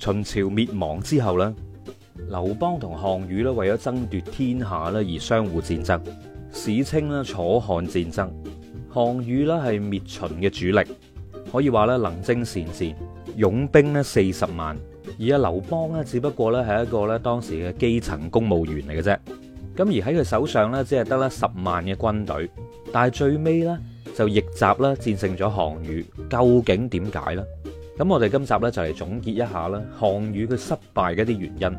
秦朝滅亡之後咧，劉邦同項羽咧為咗爭奪天下咧而相互戰爭，史稱咧楚漢戰爭。項羽呢係滅秦嘅主力，可以話咧能征善戰，勇兵呢四十萬。而阿劉邦呢，只不過咧係一個咧當時嘅基層公務員嚟嘅啫，咁而喺佢手上咧只係得咧十萬嘅軍隊，但係最尾咧就逆襲咧戰勝咗項羽，究竟點解呢？咁我哋今集呢，就嚟總結一下啦，項羽佢失敗嘅一啲原因。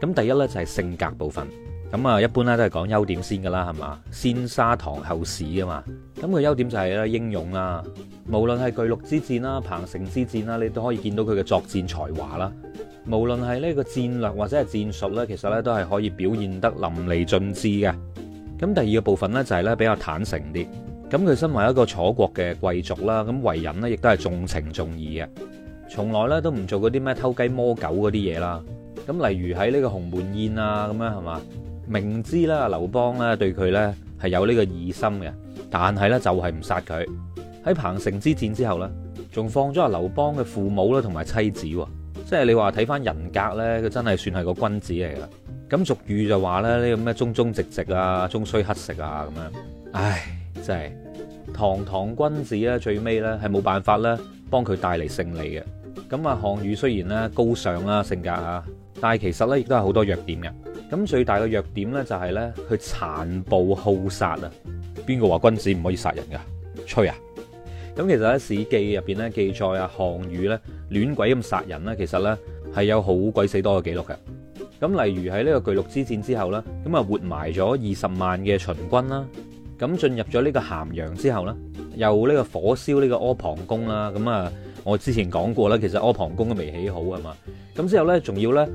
咁第一呢，就係性格部分。咁啊，一般呢都係講優點先噶啦，係嘛？先沙唐後市啊嘛。咁佢優點就係咧英勇啦，無論係巨鹿之戰啦、彭城之戰啦，你都可以見到佢嘅作戰才華啦。無論係呢個戰略或者係戰術呢，其實呢都係可以表現得淋漓盡致嘅。咁第二個部分呢，就係呢比較坦誠啲。咁佢身為一個楚國嘅貴族啦，咁為人呢亦都係重情重義嘅，從來呢都唔做嗰啲咩偷雞摸狗嗰啲嘢啦。咁例如喺呢個鴻門宴啊，咁樣係嘛，明知啦劉邦呢對佢呢係有呢個疑心嘅，但係呢就係唔殺佢。喺彭城之戰之後呢，仲放咗阿劉邦嘅父母啦同埋妻子，即係你話睇翻人格呢，佢真係算係個君子嚟噶。咁俗語就話呢，呢個咩忠忠直直啊，終須乞食啊咁樣，唉。就係堂堂君子咧，最尾咧係冇辦法咧幫佢帶嚟勝利嘅。咁啊，項羽雖然咧高尚啦性格啊，但係其實咧亦都係好多弱點嘅。咁最大嘅弱點咧就係咧佢殘暴好殺啊！邊個話君子唔可以殺人噶？吹啊！咁其實喺《史記》入邊咧記載啊，項羽咧亂鬼咁殺人咧，其實咧係有好鬼死多嘅記錄嘅。咁例如喺呢個巨鹿之戰之後啦，咁啊活埋咗二十萬嘅秦軍啦。咁進入咗呢個咸陽之後呢，又呢個火燒呢個阿房宮啦。咁啊，我之前講過啦，其實阿房宮都未起好啊嘛。咁之後呢，仲要呢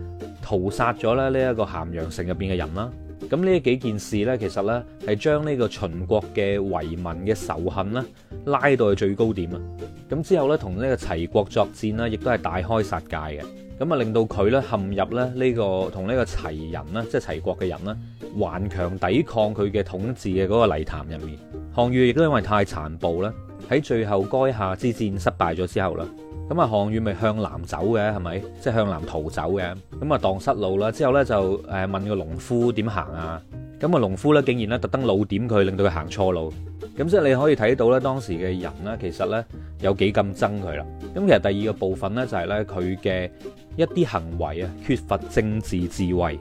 屠殺咗咧呢一個咸陽城入面嘅人啦。咁呢幾件事呢，其實呢係將呢個秦國嘅遺民嘅仇恨呢拉到去最高點啊。咁之後呢，同呢個齊國作戰呢，亦都係大開殺戒嘅。咁啊，令到佢咧陷入咧、這、呢個同呢個齊人呢即係齊國嘅人呢頑強抵抗佢嘅統治嘅嗰個泥潭入面。項羽亦都因為太殘暴啦，喺最後垓下之戰失敗咗之後啦，咁啊，項羽咪向南走嘅，係咪？即係向南逃走嘅，咁啊，蕩失路啦，之後呢，就誒問個農夫點行啊，咁啊，農夫呢，竟然咧特登老點佢，令到佢行錯路，咁即係你可以睇到呢當時嘅人呢，其實呢有幾咁憎佢啦。咁其實第二個部分呢，就係呢佢嘅。一啲行為啊，缺乏政治智慧，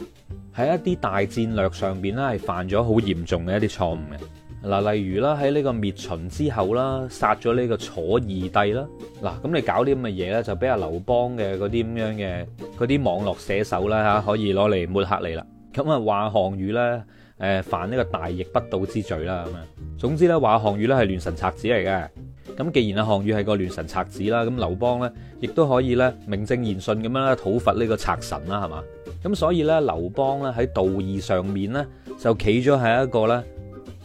喺一啲大戰略上邊咧，係犯咗好嚴重嘅一啲錯誤嘅。嗱，例如啦，喺呢個滅秦之後啦，殺咗呢個楚二帝啦。嗱，咁你搞啲咁嘅嘢咧，就俾阿劉邦嘅嗰啲咁樣嘅嗰啲網絡寫手啦嚇，可以攞嚟抹黑你啦。咁啊，話項羽咧，誒犯呢個大逆不道之罪啦。咁樣，總之咧，話項羽咧係亂臣賊子嚟嘅。咁既然啊項羽係個亂臣賊子啦，咁劉邦咧亦都可以咧名正言順咁樣啦討伐呢個賊神啦，係嘛？咁所以咧，劉邦咧喺道義上面咧就企咗喺一個咧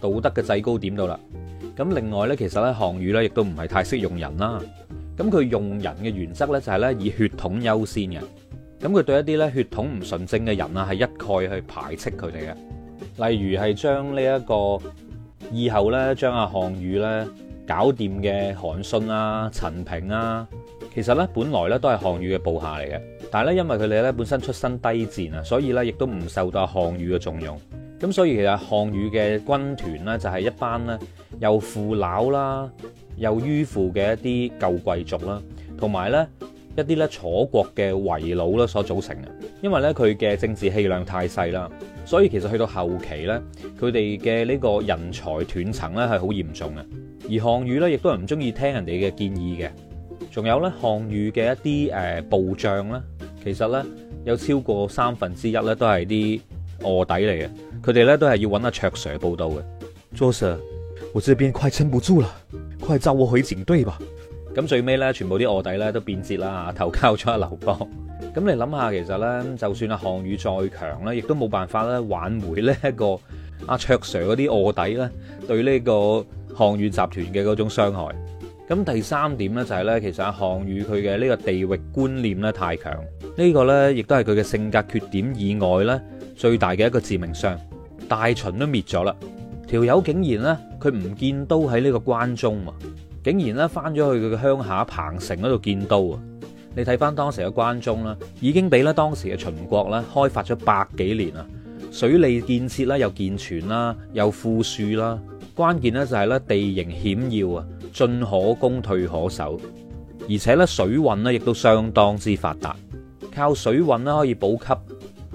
道德嘅制高點度啦。咁另外咧，其實咧項羽咧亦都唔係太識用人啦。咁佢用人嘅原則咧就係咧以血統優先嘅。咁佢對一啲咧血統唔純正嘅人啊係一概去排斥佢哋嘅。例如係將呢一個以後咧將阿項羽咧。搞掂嘅韓信啊、陳平啊，其實呢，本來呢都係項羽嘅部下嚟嘅。但係呢，因為佢哋呢本身出身低賤啊，所以呢亦都唔受到項羽嘅重用。咁所以其實項羽嘅軍團呢，就係一班呢又腐朽啦，又迂腐嘅一啲舊貴族啦，同埋呢一啲呢楚國嘅遺老啦所組成嘅。因為呢，佢嘅政治氣量太細啦，所以其實去到後期呢，佢哋嘅呢個人才斷層呢，係好嚴重嘅。而項羽咧，亦都係唔中意聽人哋嘅建議嘅。仲有咧，項羽嘅一啲誒部將咧，其實咧有超過三分之一咧都係啲臥底嚟嘅。佢哋咧都係要揾阿、啊、卓 Sir 報到嘅。卓 Sir，我這邊快撐唔住了，快抓我去警隊吧。咁最尾咧，全部啲臥底咧都變節啦，投靠咗阿劉邦。咁你諗下，其實咧，就算阿項羽再強咧，亦都冇辦法咧挽回呢、這、一個阿、啊、卓 Sir 嗰啲臥底咧對呢、這個。項羽集團嘅嗰種傷害，咁第三點呢，就係呢其實啊，項羽佢嘅呢個地域觀念咧太強，呢個呢，亦都係佢嘅性格缺點以外呢最大嘅一個致命傷。大秦都滅咗啦，條友竟然呢，佢唔建都喺呢個關中啊，竟然呢翻咗去佢嘅鄉下彭城嗰度建都啊！你睇翻當時嘅關中啦，已經俾咧當時嘅秦國咧開發咗百幾年啊，水利建設咧又健全啦，又富庶啦。關鍵咧就係咧地形險要啊，進可攻退可守，而且咧水運咧亦都相當之發達，靠水運咧可以補給，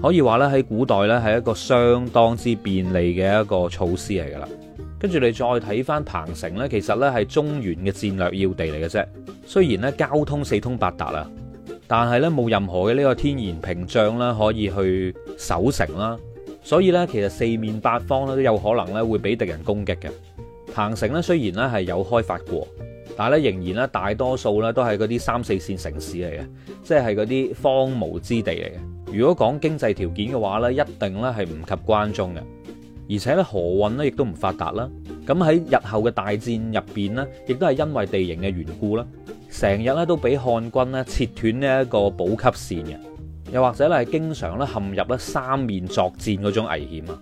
可以話咧喺古代咧係一個相當之便利嘅一個措施嚟噶啦。跟住你再睇翻彭城咧，其實咧係中原嘅戰略要地嚟嘅啫。雖然咧交通四通八達啦，但係咧冇任何嘅呢個天然屏障啦，可以去守城啦。所以咧，其實四面八方咧都有可能咧會俾敵人攻擊嘅。彭城咧雖然咧係有開發過，但係咧仍然咧大多數咧都係嗰啲三四線城市嚟嘅，即係嗰啲荒蕪之地嚟嘅。如果講經濟條件嘅話咧，一定咧係唔及關中嘅，而且咧河運咧亦都唔發達啦。咁喺日後嘅大戰入邊咧，亦都係因為地形嘅緣故啦，成日咧都俾漢軍咧切斷呢一個補給線嘅。又或者咧，係經常咧陷入咧三面作戰嗰種危險啊！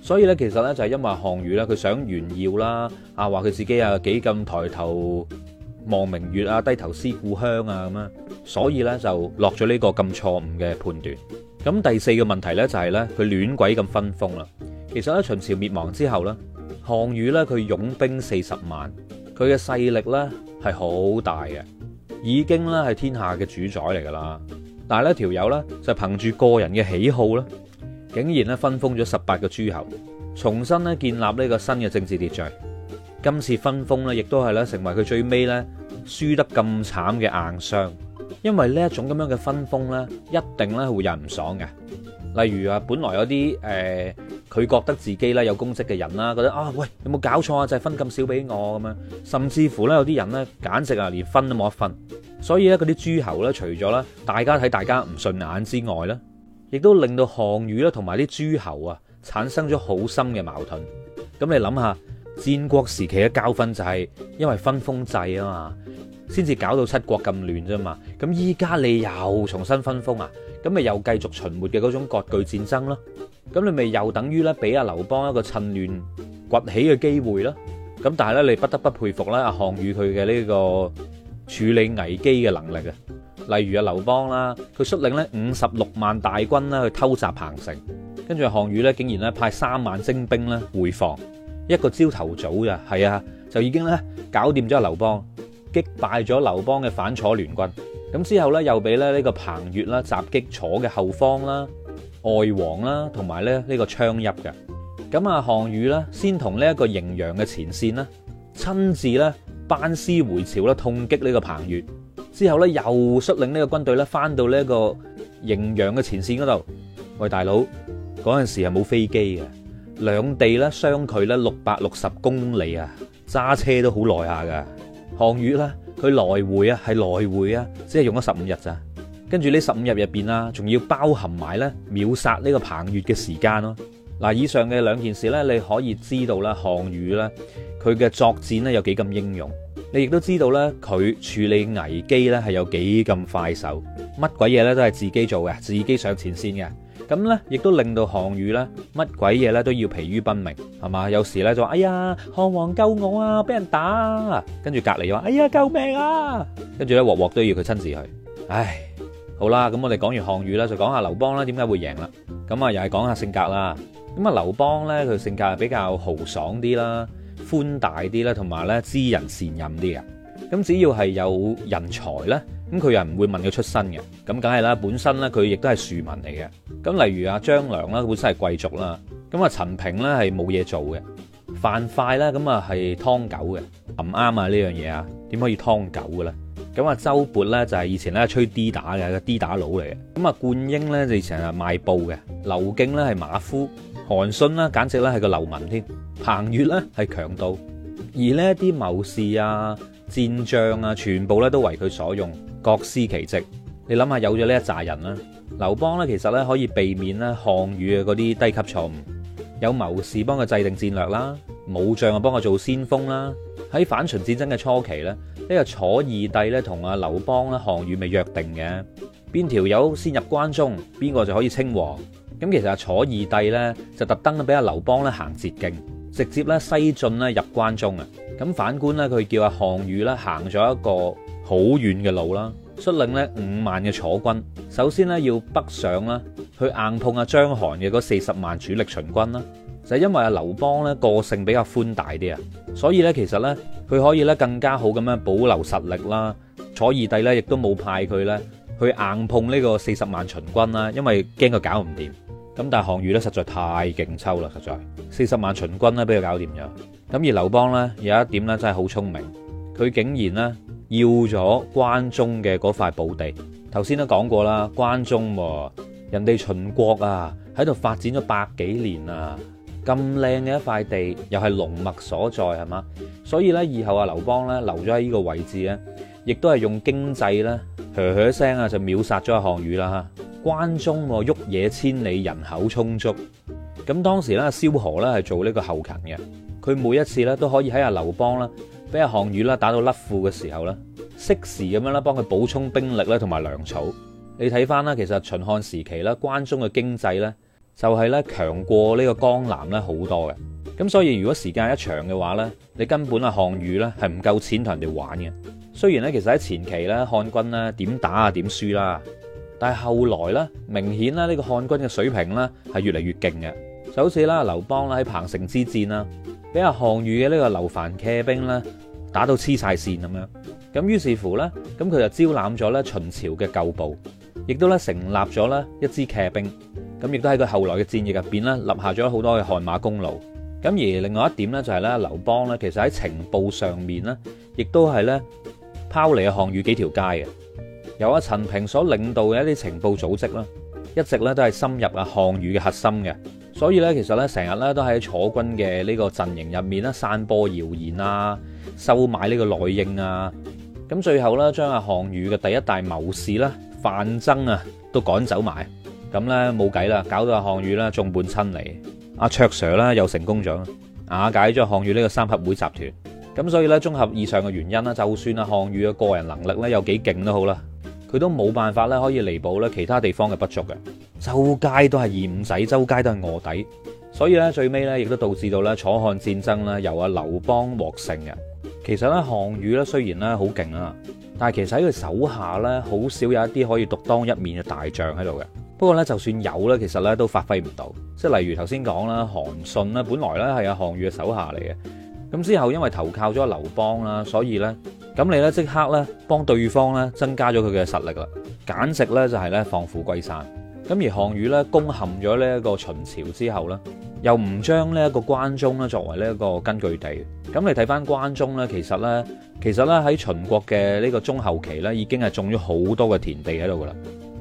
所以咧，其實咧就係因為項羽咧，佢想炫耀啦，啊話佢自己啊幾咁抬頭望明月啊，低頭思故鄉啊咁樣，所以咧就落咗呢個咁錯誤嘅判斷。咁第四個問題咧就係咧，佢亂鬼咁分封啦。其實咧，秦朝滅亡之後咧，項羽咧佢擁兵四十萬，佢嘅勢力咧係好大嘅，已經咧係天下嘅主宰嚟噶啦。但係呢條友呢，就憑住個人嘅喜好啦，竟然咧分封咗十八個諸侯，重新咧建立呢個新嘅政治秩序。今次分封呢，亦都係咧成為佢最尾咧輸得咁慘嘅硬傷，因為呢一種咁樣嘅分封呢，一定咧會人唔爽嘅。例如啊，本來有啲佢、呃、覺得自己咧有功績嘅人啦，覺得啊喂，有冇搞錯啊？就係、分咁少俾我咁樣，甚至乎呢，有啲人呢，簡直啊，連分都冇一分。所以咧，嗰啲諸侯咧，除咗咧，大家睇大家唔順眼之外咧，亦都令到項羽咧同埋啲諸侯啊產生咗好深嘅矛盾。咁你諗下，戰國時期嘅糾紛就係因為分封制啊嘛，先至搞到七國咁亂啫嘛。咁依家你又重新分封啊，咁咪又繼續秦末嘅嗰種割據戰爭咯。咁你咪又等於咧，俾阿劉邦一個趁亂崛起嘅機會咯。咁但係咧，你不得不佩服咧，項羽佢嘅呢個。處理危機嘅能力啊，例如啊，劉邦啦，佢率領咧五十六萬大軍啦去偷襲彭城，跟住啊，項羽咧竟然咧派三萬精兵咧回防，一個朝頭早呀，係啊，就已經咧搞掂咗阿劉邦，擊敗咗劉邦嘅反楚聯軍，咁之後咧又俾咧呢個彭越啦襲擊楚嘅後方啦、外黃啦，同埋咧呢個昌邑嘅，咁啊，項羽呢，先同呢一個滎陽嘅前線咧親自咧。班師回朝啦，痛擊呢個彭越之後咧，又率領呢個軍隊咧，翻到呢個滎陽嘅前線嗰度。喂，大佬，嗰陣時係冇飛機嘅，兩地咧相距咧六百六十公里啊，揸車都好耐下噶。項羽咧，佢來回啊係來回啊，只係用咗十五日咋。跟住呢十五日入邊啊，仲要包含埋咧秒殺呢個彭越嘅時間咯。嗱，以上嘅兩件事呢，你可以知道咧，項羽咧佢嘅作戰咧有幾咁英勇，你亦都知道咧佢處理危機咧係有幾咁快手，乜鬼嘢咧都係自己做嘅，自己上前線嘅，咁呢，亦都令到項羽咧乜鬼嘢咧都要疲於奔命，係嘛？有時呢，就話：哎呀，漢王救我啊！俾人打，跟住隔離又話：哎呀，救命啊！跟住呢，鑊鑊都要佢親自去。唉，好啦，咁我哋講完項羽呢，就講下劉邦啦，點解會贏啦？咁啊，又係講下性格啦。咁啊，劉邦咧，佢性格係比較豪爽啲啦，寬大啲啦，同埋咧知人善任啲嘅。咁只要係有人才咧，咁佢又唔會問佢出身嘅。咁梗係啦，本身咧佢亦都係庶民嚟嘅。咁例如阿張良啦，本身係貴族啦。咁啊，陳平咧係冇嘢做嘅。樊噲咧咁啊係劏狗嘅，唔啱啊呢樣嘢啊，點可以劏狗嘅咧？咁啊，周勃咧就係以前咧吹啲打嘅啲打佬嚟嘅。咁啊，灌嬰咧就以前係賣布嘅。劉敬咧係馬夫。韓信啦，簡直咧係個流民添；彭越咧係強盜，而呢一啲謀士啊、戰將啊，全部咧都為佢所用，各司其職。你諗下，有咗呢一扎人啦，劉邦咧其實咧可以避免咧項羽嘅啲低級錯誤。有謀士幫佢制定戰略啦，武將啊幫佢做先鋒啦。喺反秦戰爭嘅初期咧，呢、呢個楚義帝咧同啊劉邦咧、項羽未約定嘅，邊條友先入關中，邊個就可以稱王。咁其實楚義帝咧就特登俾阿劉邦咧行捷徑，直接咧西進咧入關中啊！咁反觀咧，佢叫阿項羽咧行咗一個好遠嘅路啦，率領呢五萬嘅楚軍，首先咧要北上啦，去硬碰阿章邯嘅嗰四十萬主力秦軍啦。就係、因為阿劉邦咧個性比較寬大啲啊，所以咧其實咧佢可以咧更加好咁樣保留實力啦。楚義帝咧亦都冇派佢咧去硬碰呢個四十萬秦軍啦，因為驚佢搞唔掂。咁但係項羽咧實在太勁抽啦，實在四十萬秦軍咧俾佢搞掂咗。咁而劉邦呢，有一點呢，真係好聰明，佢竟然呢，要咗關中嘅嗰塊寶地。頭先都講過啦，關中喎、啊，人哋秦國啊喺度發展咗百幾年啊，咁靚嘅一塊地又係龍脈所在係嘛，所以呢，以後啊，劉邦呢，留咗喺呢個位置呢，亦都係用經濟呢，噓噓聲啊就秒殺咗項羽啦嚇關中喎，沃野千里，人口充足。咁當時咧，蕭何咧係做呢個後勤嘅，佢每一次咧都可以喺阿劉邦啦，俾阿項羽啦打到甩褲嘅時候咧，適時咁樣咧幫佢補充兵力咧同埋糧草。你睇翻啦，其實秦漢時期咧，關中嘅經濟咧就係咧強過呢個江南咧好多嘅。咁所以如果時間一長嘅話咧，你根本阿項羽咧係唔夠錢同人哋玩嘅。雖然咧其實喺前期咧漢軍咧點打啊點輸啦。但係後來咧，明顯咧呢個漢軍嘅水平咧係越嚟越勁嘅，就好似啦，劉邦啦喺彭城之戰啦，俾阿項羽嘅呢個樓煩騎兵咧打到黐晒線咁樣，咁於是乎咧，咁佢就招攬咗咧秦朝嘅舊部，亦都咧成立咗咧一支騎兵，咁亦都喺佢後來嘅戰役入邊咧立下咗好多嘅汗馬功勞。咁而另外一點咧就係咧，劉邦咧其實喺情報上面咧，亦都係咧拋離阿項羽幾條街嘅。由阿陳平所領導嘅一啲情報組織啦，一直咧都係深入阿項羽嘅核心嘅，所以咧其實咧成日咧都喺楚軍嘅呢個陣營入面啦，散播謠言啊，收買呢個內應啊，咁最後咧將阿項羽嘅第一大謀士啦范增啊都趕走埋，咁咧冇計啦，搞到阿項羽啦眾叛親離，阿卓 Sir 啦又成功咗，瓦解咗項羽呢個三合會集團。咁所以咧綜合以上嘅原因啦，就算阿項羽嘅個人能力咧有幾勁都好啦。佢都冇辦法咧，可以彌補咧其他地方嘅不足嘅，周街都係二五仔，周街都係臥底，所以咧最尾咧亦都導致到咧楚漢戰爭咧由阿劉邦獲勝嘅。其實咧項羽咧雖然咧好勁啊，但係其實喺佢手下咧好少有一啲可以獨當一面嘅大將喺度嘅。不過咧就算有咧，其實咧都發揮唔到，即係例如頭先講啦，韓信啦，本來咧係阿項羽嘅手下嚟嘅，咁之後因為投靠咗劉邦啦，所以咧。咁你呢，即刻呢，幫對方呢，增加咗佢嘅實力啦，簡直呢，就係呢，放虎歸山。咁而項羽呢，攻陷咗呢一個秦朝之後呢，又唔將呢一個關中呢作為呢一個根據地。咁你睇翻關中呢，其實呢，其實呢，喺秦國嘅呢個中後期呢，已經係種咗好多嘅田地喺度噶啦。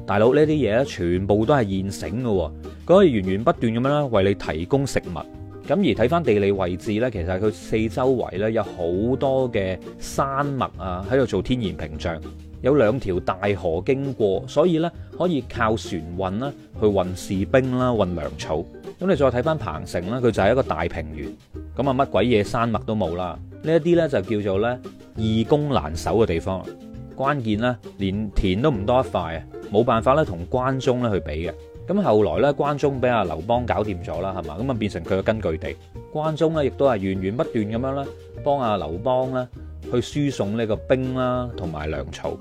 大佬呢啲嘢呢，全部都係現成噶，佢可以源源不斷咁樣啦，為你提供食物。咁而睇翻地理位置呢，其實佢四周圍呢有好多嘅山脈啊，喺度做天然屏障，有兩條大河經過，所以呢可以靠船運啦去運士兵啦、運糧草。咁你再睇翻彭城呢，佢就係一個大平原，咁啊乜鬼嘢山脈都冇啦。呢一啲呢就叫做呢易攻難守嘅地方，關鍵呢連田都唔多一塊啊，冇辦法咧同關中咧去比嘅。咁後來咧，關中俾阿劉邦搞掂咗啦，係嘛？咁啊變成佢嘅根據地。關中咧，亦都係源源不斷咁樣啦，幫阿劉邦咧去輸送呢個兵啦，同埋糧草。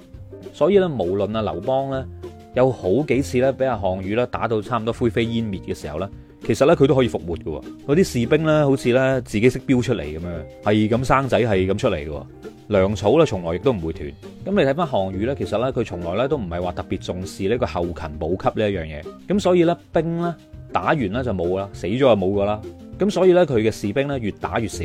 所以咧，無論啊劉邦咧，有好幾次咧，俾阿項羽咧打到差唔多灰飛煙滅嘅時候咧，其實咧佢都可以復活㗎喎。嗰啲士兵咧，好似咧自己識飆出嚟咁樣，係咁生仔，係咁出嚟嘅喎。糧草咧，從來亦都唔會斷。咁你睇翻項羽呢，其實呢，佢從來咧都唔係話特別重視呢個後勤補給呢一樣嘢。咁所以呢，兵咧打完咧就冇啦，死咗就冇噶啦。咁所以呢，佢嘅士兵呢越打越少。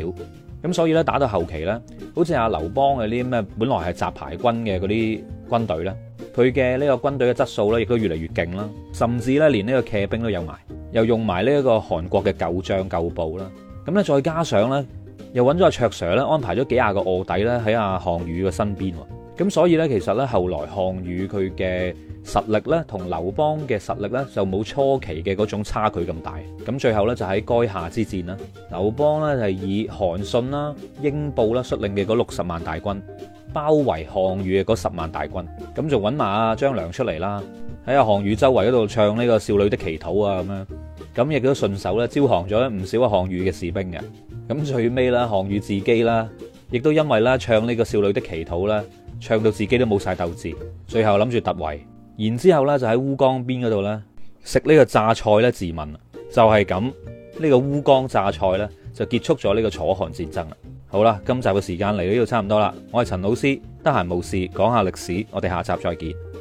咁所以呢，打到後期呢，好似阿劉邦嗰啲咩，本來係雜牌軍嘅嗰啲軍隊呢，佢嘅呢個軍隊嘅質素呢亦都越嚟越勁啦。甚至呢，連呢個騎兵都有埋，又用埋呢一個韓國嘅舊將舊部啦。咁呢，再加上呢。又揾咗阿卓 Sir 咧，安排咗幾廿個臥底咧喺阿項羽嘅身邊喎。咁所以呢，其實呢後來項羽佢嘅實力呢，同劉邦嘅實力呢，就冇初期嘅嗰種差距咁大。咁最後呢，就喺垓下之戰啦。劉邦呢，就係、以韓信啦、英布啦率領嘅嗰六十萬大軍包圍項羽嘅嗰十萬大軍。咁仲揾埋阿張良出嚟啦，喺阿項羽周圍嗰度唱呢、呢個少女的祈禱啊咁樣。咁亦都順手咧招降咗唔少阿項羽嘅士兵嘅。咁最尾啦，項羽自己啦，亦都因為啦唱呢個少女的祈禱啦，唱到自己都冇晒鬥志，最後諗住突圍，然之後咧就喺烏江邊嗰度咧食呢個榨菜咧自刎，就係咁，呢個烏江榨菜咧就結束咗呢個楚漢戰爭啦。好啦，今集嘅時間嚟到呢度差唔多啦，我係陳老師，得閒無事講下歷史，我哋下集再見。